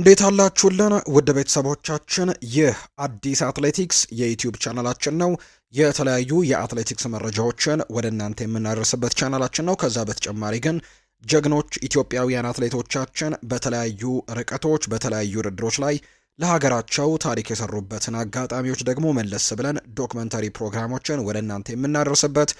እንዴት አላችሁልን ውድ ቤተሰቦቻችን፣ ይህ አዲስ አትሌቲክስ የዩትዩብ ቻናላችን ነው። የተለያዩ የአትሌቲክስ መረጃዎችን ወደ እናንተ የምናደርስበት ቻናላችን ነው። ከዛ በተጨማሪ ግን ጀግኖች ኢትዮጵያውያን አትሌቶቻችን በተለያዩ ርቀቶች፣ በተለያዩ ውድድሮች ላይ ለሀገራቸው ታሪክ የሰሩበትን አጋጣሚዎች ደግሞ መለስ ብለን ዶክመንተሪ ፕሮግራሞችን ወደ እናንተ የምናደርስበት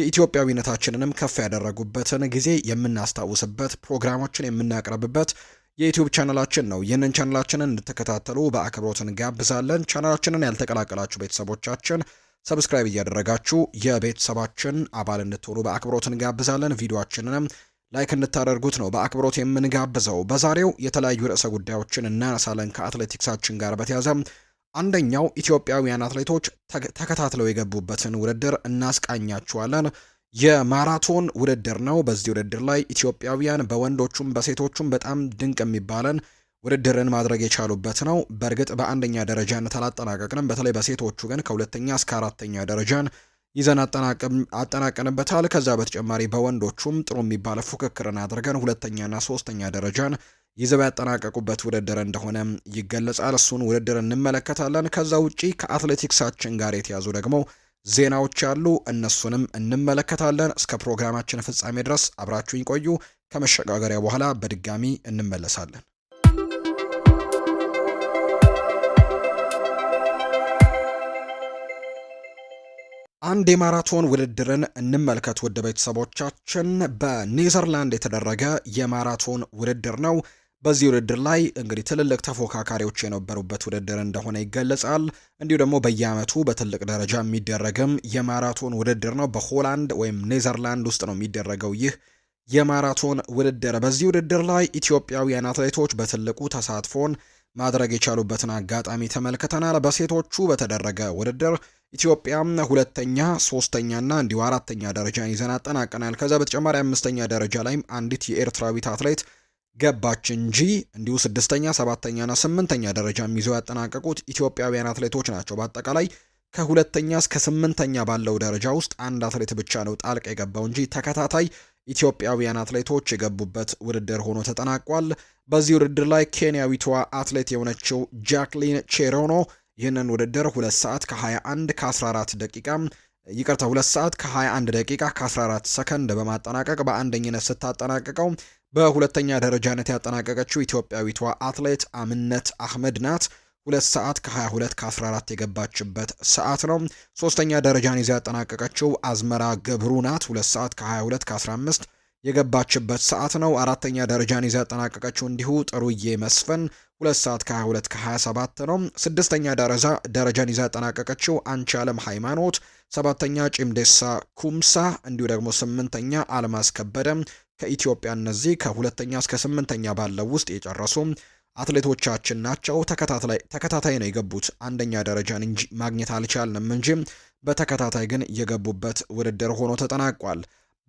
የኢትዮጵያዊነታችንንም ከፍ ያደረጉበትን ጊዜ የምናስታውስበት ፕሮግራሞችን የምናቀርብበት የዩቲዩብ ቻናላችን ነው። ይህንን ቻናላችንን እንድትከታተሉ በአክብሮት እንጋብዛለን። ቻናላችንን ያልተቀላቀላችሁ ቤተሰቦቻችን ሰብስክራይብ እያደረጋችሁ የቤተሰባችን አባል እንድትሆኑ በአክብሮት እንጋብዛለን። ቪዲዮችንንም ላይክ እንድታደርጉት ነው በአክብሮት የምንጋብዘው። በዛሬው የተለያዩ ርዕሰ ጉዳዮችን እናነሳለን ከአትሌቲክሳችን ጋር በተያዘ አንደኛው ኢትዮጵያውያን አትሌቶች ተከታትለው የገቡበትን ውድድር እናስቃኛችኋለን። የማራቶን ውድድር ነው። በዚህ ውድድር ላይ ኢትዮጵያውያን በወንዶቹም በሴቶቹም በጣም ድንቅ የሚባለን ውድድርን ማድረግ የቻሉበት ነው። በእርግጥ በአንደኛ ደረጃነት አላጠናቀቅንም። በተለይ በሴቶቹ ግን ከሁለተኛ እስከ አራተኛ ደረጃን ይዘን አጠናቀንበታል። ከዛ በተጨማሪ በወንዶቹም ጥሩ የሚባለ ፉክክርን አድርገን ሁለተኛና ሶስተኛ ደረጃን ይዘው ያጠናቀቁበት ውድድር እንደሆነ ይገለጻል። እሱን ውድድር እንመለከታለን። ከዛ ውጪ ከአትሌቲክሳችን ጋር የተያዙ ደግሞ ዜናዎች አሉ። እነሱንም እንመለከታለን። እስከ ፕሮግራማችን ፍጻሜ ድረስ አብራችሁኝ ቆዩ። ከመሸጋገሪያ በኋላ በድጋሚ እንመለሳለን። አንድ የማራቶን ውድድርን እንመልከት ውድ ቤተሰቦቻችን። በኔዘርላንድ የተደረገ የማራቶን ውድድር ነው። በዚህ ውድድር ላይ እንግዲህ ትልልቅ ተፎካካሪዎች የነበሩበት ውድድር እንደሆነ ይገለጻል። እንዲሁ ደግሞ በየዓመቱ በትልቅ ደረጃ የሚደረግም የማራቶን ውድድር ነው። በሆላንድ ወይም ኔዘርላንድ ውስጥ ነው የሚደረገው ይህ የማራቶን ውድድር። በዚህ ውድድር ላይ ኢትዮጵያውያን አትሌቶች በትልቁ ተሳትፎን ማድረግ የቻሉበትን አጋጣሚ ተመልክተናል። በሴቶቹ በተደረገ ውድድር ኢትዮጵያም ሁለተኛ፣ ሶስተኛና እንዲሁ አራተኛ ደረጃን ይዘን አጠናቀናል። ከዛ በተጨማሪ አምስተኛ ደረጃ ላይም አንዲት የኤርትራዊት አትሌት ገባች እንጂ እንዲሁ ስድስተኛ፣ ሰባተኛና ስምንተኛ ደረጃ ይዘው ያጠናቀቁት ኢትዮጵያውያን አትሌቶች ናቸው። በአጠቃላይ ከሁለተኛ እስከ ስምንተኛ ባለው ደረጃ ውስጥ አንድ አትሌት ብቻ ነው ጣልቃ የገባው እንጂ ተከታታይ ኢትዮጵያውያን አትሌቶች የገቡበት ውድድር ሆኖ ተጠናቋል። በዚህ ውድድር ላይ ኬንያዊቷ አትሌት የሆነችው ጃክሊን ቼሮኖ ይህንን ውድድር ሁለት ሰዓት ከ21 ከ14 ደቂቃ ይቅርታ ሁለት ሰዓት ከ21 ደቂቃ ከ14 ሰከንድ በማጠናቀቅ በአንደኝነት ስታጠናቀቀው በሁለተኛ ደረጃነት ያጠናቀቀችው ኢትዮጵያዊቷ አትሌት አምነት አህመድ ናት። ሁለት ሰዓት ከ22 ከ14 የገባችበት ሰዓት ነው። ሶስተኛ ደረጃን ይዛ ያጠናቀቀችው አዝመራ ገብሩ ናት። ሁለት ሰዓት ከ22 ከ15 የገባችበት ሰዓት ነው። አራተኛ ደረጃን ይዛ ያጠናቀቀችው እንዲሁ ጥሩዬ መስፈን ሁለት ሰዓት ከ22 ከ27 ነው። ስድስተኛ ደረጃ ደረጃን ይዛ ያጠናቀቀችው አንቺ አለም ሃይማኖት፣ ሰባተኛ ጭምደሳ ኩምሳ እንዲሁ ደግሞ ስምንተኛ አልማዝ ከበደ ከኢትዮጵያ እነዚህ ከሁለተኛ እስከ ስምንተኛ ባለው ውስጥ የጨረሱ አትሌቶቻችን ናቸው። ተከታታይ ነው የገቡት። አንደኛ ደረጃን እንጂ ማግኘት አልቻልንም እንጂ በተከታታይ ግን የገቡበት ውድድር ሆኖ ተጠናቋል።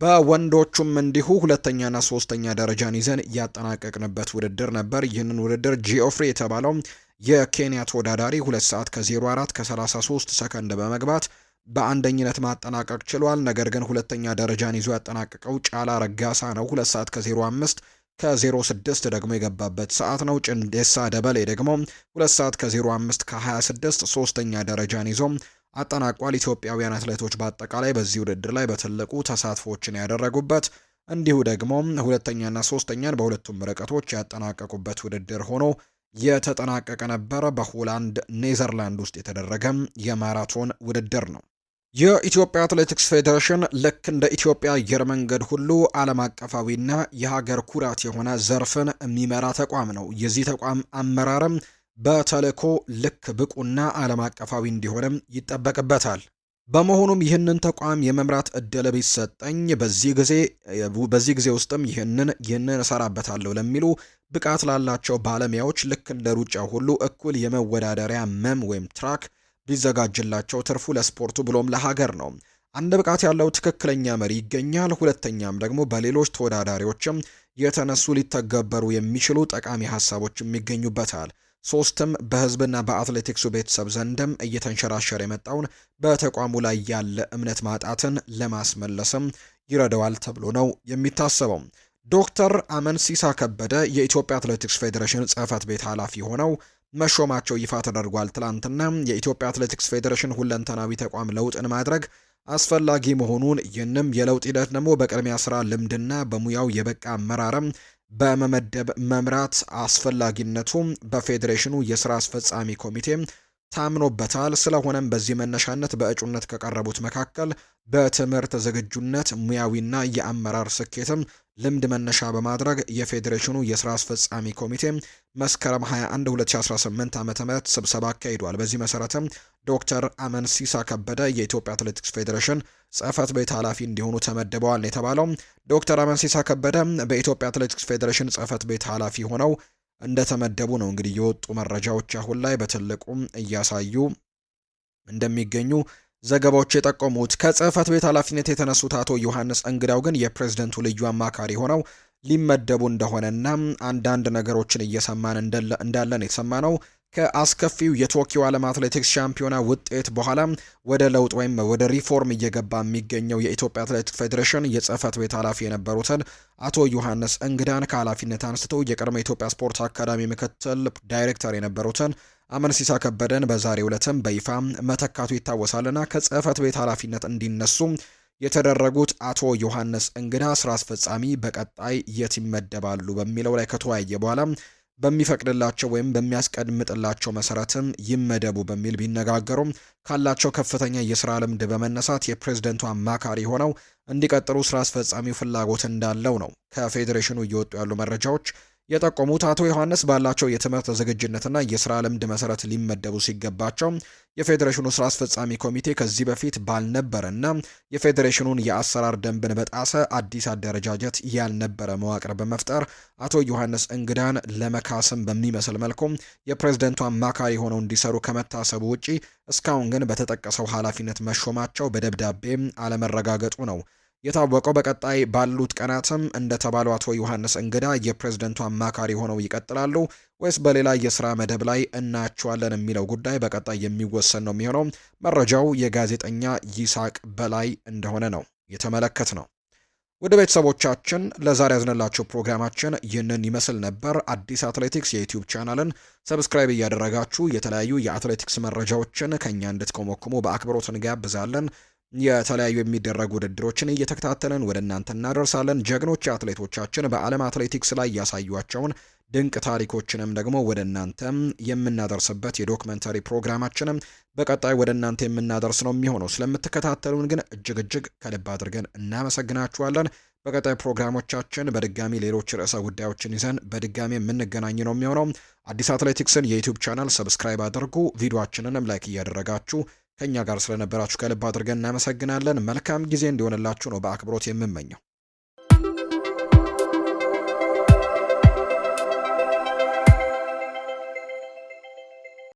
በወንዶቹም እንዲሁ ሁለተኛና ሶስተኛ ደረጃን ይዘን ያጠናቀቅንበት ውድድር ነበር። ይህንን ውድድር ጂኦፍሪ የተባለው የኬንያ ተወዳዳሪ ሁለት ሰዓት ከ04 ከ33 ሰከንድ በመግባት በአንደኝነት ማጠናቀቅ ችሏል። ነገር ግን ሁለተኛ ደረጃን ይዞ ያጠናቀቀው ጫላ ረጋሳ ነው። ሁለት ሰዓት ከዜሮ አምስት ከ06 ደግሞ የገባበት ሰዓት ነው። ጭንዴሳ ደበሌ ደግሞ ሁለት ሰዓት ከ05ከ26 ሶስተኛ ደረጃን ይዞ አጠናቋል። ኢትዮጵያውያን አትሌቶች በአጠቃላይ በዚህ ውድድር ላይ በትልቁ ተሳትፎችን ያደረጉበት እንዲሁ ደግሞ ሁለተኛና ሶስተኛን በሁለቱም ርቀቶች ያጠናቀቁበት ውድድር ሆኖ የተጠናቀቀ ነበረ። በሆላንድ ኔዘርላንድ ውስጥ የተደረገ የማራቶን ውድድር ነው። የኢትዮጵያ አትሌቲክስ ፌዴሬሽን ልክ እንደ ኢትዮጵያ አየር መንገድ ሁሉ ዓለም አቀፋዊና የሀገር ኩራት የሆነ ዘርፍን የሚመራ ተቋም ነው። የዚህ ተቋም አመራርም በተልኮ ልክ ብቁና ዓለም አቀፋዊ እንዲሆንም ይጠበቅበታል። በመሆኑም ይህንን ተቋም የመምራት እድል ቢሰጠኝ በዚህ ጊዜ በዚህ ጊዜ ውስጥም ይህንን ይህንን እሰራበታለሁ ለሚሉ ብቃት ላላቸው ባለሙያዎች ልክ እንደ ሩጫ ሁሉ እኩል የመወዳደሪያ መም ወይም ትራክ ቢዘጋጅላቸው ትርፉ ለስፖርቱ ብሎም ለሀገር ነው። አንድ ብቃት ያለው ትክክለኛ መሪ ይገኛል። ሁለተኛም ደግሞ በሌሎች ተወዳዳሪዎችም የተነሱ ሊተገበሩ የሚችሉ ጠቃሚ ሀሳቦችም ይገኙበታል። ሶስትም በህዝብና በአትሌቲክሱ ቤተሰብ ዘንድም እየተንሸራሸረ የመጣውን በተቋሙ ላይ ያለ እምነት ማጣትን ለማስመለስም ይረዳዋል ተብሎ ነው የሚታሰበው። ዶክተር አመንሲሳ ከበደ የኢትዮጵያ አትሌቲክስ ፌዴሬሽን ጽህፈት ቤት ኃላፊ ሆነው መሾማቸው ይፋ ተደርጓል። ትላንትና የኢትዮጵያ አትሌቲክስ ፌዴሬሽን ሁለንተናዊ ተቋም ለውጥን ማድረግ አስፈላጊ መሆኑን ይህንም የለውጥ ሂደት ደግሞ በቅድሚያ ስራ ልምድና በሙያው የበቃ አመራርም በመመደብ መምራት አስፈላጊነቱ በፌዴሬሽኑ የስራ አስፈጻሚ ኮሚቴ ታምኖበታል። ስለሆነም በዚህ መነሻነት በእጩነት ከቀረቡት መካከል በትምህርት ዝግጁነት፣ ሙያዊና የአመራር ስኬትም ልምድ መነሻ በማድረግ የፌዴሬሽኑ የስራ አስፈጻሚ ኮሚቴ መስከረም 21 2018 ዓ ም ስብሰባ አካሂዷል። በዚህ መሰረትም ዶክተር ሲሳ ከበደ የኢትዮጵያ አትሌቲክስ ፌዴሬሽን ጽህፈት ቤት ኃላፊ እንዲሆኑ ተመድበዋል የተባለው ዶክተር ሲሳ ከበደ በኢትዮጵያ አትሌቲክስ ፌዴሬሽን ጽህፈት ቤት ኃላፊ ሆነው እንደተመደቡ ነው እንግዲህ የወጡ መረጃዎች አሁን ላይ በትልቁም እያሳዩ እንደሚገኙ ዘገባዎች የጠቆሙት። ከጽህፈት ቤት ኃላፊነት የተነሱት አቶ ዮሐንስ እንግዳው ግን የፕሬዝደንቱ ልዩ አማካሪ ሆነው ሊመደቡ እንደሆነና አንዳንድ ነገሮችን እየሰማን እንዳለን የተሰማ ነው። ከአስከፊው የቶኪዮ ዓለም አትሌቲክስ ሻምፒዮና ውጤት በኋላ ወደ ለውጥ ወይም ወደ ሪፎርም እየገባ የሚገኘው የኢትዮጵያ አትሌቲክስ ፌዴሬሽን የጽህፈት ቤት ኃላፊ የነበሩትን አቶ ዮሐንስ እንግዳን ከኃላፊነት አንስተው የቀድሞ የኢትዮጵያ ስፖርት አካዳሚ ምክትል ዳይሬክተር የነበሩትን አመንሲሳ ከበደን በዛሬው ዕለትም በይፋ መተካቱ ይታወሳልና ከጽህፈት ቤት ኃላፊነት እንዲነሱ የተደረጉት አቶ ዮሐንስ እንግዳ ስራ አስፈጻሚ በቀጣይ የት ይመደባሉ በሚለው ላይ ከተወያየ በኋላ በሚፈቅድላቸው ወይም በሚያስቀምጥላቸው መሰረትም ይመደቡ በሚል ቢነጋገሩም ካላቸው ከፍተኛ የስራ ልምድ በመነሳት የፕሬዝደንቱ አማካሪ ሆነው እንዲቀጥሉ ስራ አስፈጻሚው ፍላጎት እንዳለው ነው ከፌዴሬሽኑ እየወጡ ያሉ መረጃዎች የጠቆሙት አቶ ዮሐንስ ባላቸው የትምህርት ዝግጅነትና የስራ ልምድ መሰረት ሊመደቡ ሲገባቸው የፌዴሬሽኑ ስራ አስፈጻሚ ኮሚቴ ከዚህ በፊት ባልነበረና የፌዴሬሽኑን የአሰራር ደንብን በጣሰ አዲስ አደረጃጀት ያልነበረ መዋቅር በመፍጠር አቶ ዮሐንስ እንግዳን ለመካስም በሚመስል መልኩ የፕሬዝደንቱ አማካሪ ሆነው እንዲሰሩ ከመታሰቡ ውጪ እስካሁን ግን በተጠቀሰው ኃላፊነት መሾማቸው በደብዳቤ አለመረጋገጡ ነው። የታወቀው በቀጣይ ባሉት ቀናትም እንደተባለው አቶ ዮሐንስ እንግዳ የፕሬዝደንቱ አማካሪ ሆነው ይቀጥላሉ ወይስ በሌላ የስራ መደብ ላይ እናያቸዋለን የሚለው ጉዳይ በቀጣይ የሚወሰን ነው የሚሆነው። መረጃው የጋዜጠኛ ይሳቅ በላይ እንደሆነ ነው የተመለከት ነው። ወደ ቤተሰቦቻችን ለዛሬ ያዝነላቸው ፕሮግራማችን ይህንን ይመስል ነበር። አዲስ አትሌቲክስ የዩቲዩብ ቻናልን ሰብስክራይብ እያደረጋችሁ የተለያዩ የአትሌቲክስ መረጃዎችን ከእኛ እንድትኮመኩሙ በአክብሮት እንጋብዛለን። የተለያዩ የሚደረጉ ውድድሮችን እየተከታተልን ወደ እናንተ እናደርሳለን። ጀግኖች አትሌቶቻችን በዓለም አትሌቲክስ ላይ ያሳዩቸውን ድንቅ ታሪኮችንም ደግሞ ወደ እናንተም የምናደርስበት የዶክመንተሪ ፕሮግራማችንም በቀጣይ ወደ እናንተ የምናደርስ ነው የሚሆነው። ስለምትከታተሉን ግን እጅግ እጅግ ከልብ አድርገን እናመሰግናችኋለን። በቀጣይ ፕሮግራሞቻችን በድጋሚ ሌሎች ርዕሰ ጉዳዮችን ይዘን በድጋሚ የምንገናኝ ነው የሚሆነው። አዲስ አትሌቲክስን የዩቲዩብ ቻናል ሰብስክራይብ አድርጉ፣ ቪዲዮችንንም ላይክ እያደረጋችሁ ከእኛ ጋር ስለነበራችሁ ከልብ አድርገን እናመሰግናለን። መልካም ጊዜ እንዲሆንላችሁ ነው በአክብሮት የምመኘው።